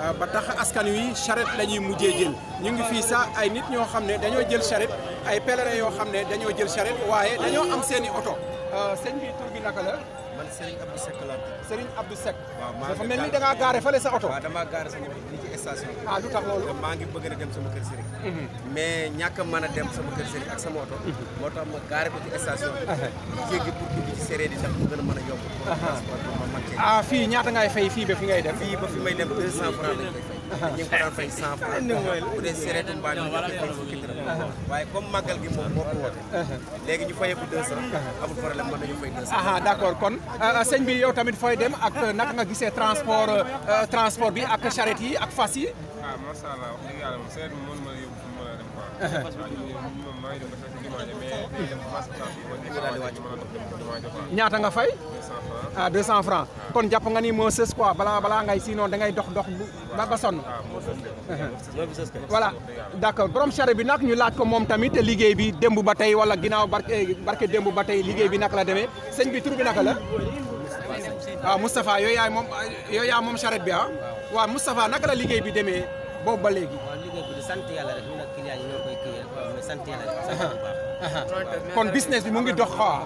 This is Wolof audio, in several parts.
Euh, ba tax askan wi charrette la ñuy mujjee jël ñu ngi fii sax ay nit ñoo xam ne dañoo jël charrette ay pèlerins yoo xam ne dañoo jël charrette waaye dañoo am seeni oto euh, sëñ bi tur gi naka la. man Serigne Abdou Seck laa tudd. Serigne Abdou Seck. waaw maa dafa mel ni da ngaa gaare fële sa oto. waaw damaa gaare sama li ci station bi. ah lu tax dem sama kër Serigne. Mhm. mais ñàkk a a dem sama kër Serigne ak sama oto. Mhm. moo tax ma gaare ko ci station bi. Mhm. jéggi pour dugg ci séeréer yi ndax mu gën a mën a yomb. Ah, fii ñaata ngay fay fii ba fi dem. fii ba fi may dem 200 francs lañ koy fay. ñu ngi ko daan fay uh-huh. gi moom moo ko woote uh-huh. léegi ñu fayee ko deux cent uh-huh. amul problème aha d'accord kon uh, sëñ bi yow tamit fooy dem ak uh, naka nga gisee transport uh, transport bi ak charrette yi ak fas yi ah macha allah wax a a dem ñaata nga fay ah 200 francs kon jàpp nga ni moo sës quoi balaa balaa ngay sinon dangay dox dox ba ba sonn. voilà d'accord borom charrette bi nag ñu laaj ko moom tamit liggéey bi démb ba tey wala ginnaaw barke barke démb ba tey liggéey bi naka la demee sëñ bi tur bi naka la. waaw ah, Moustapha yow moom yow bi ah. waaw Moustapha naka la liggéey bi demee boobu ba léegi. waaw sant yàlla rek ñun kon business bi mu ngi dox xaw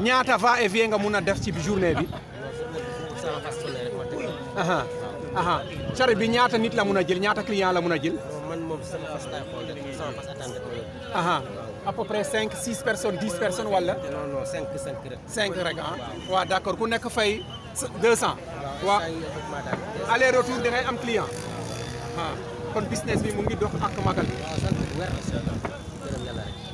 ñaata va et vient nga mun a def ci journée bi. aha aha charrette bi ñaata nit la mun a jël ñaata client la mun a jël. man moom sama fas laay xool rek sama fas attendre rek. aha à peu près 5 6 personnes 10 personnes wala. cinq non 5 5 rek. 5 rek ah ku nekk fay 200. waaw aller retour da ngay am client. kon business bi mu ngi dox ak magal.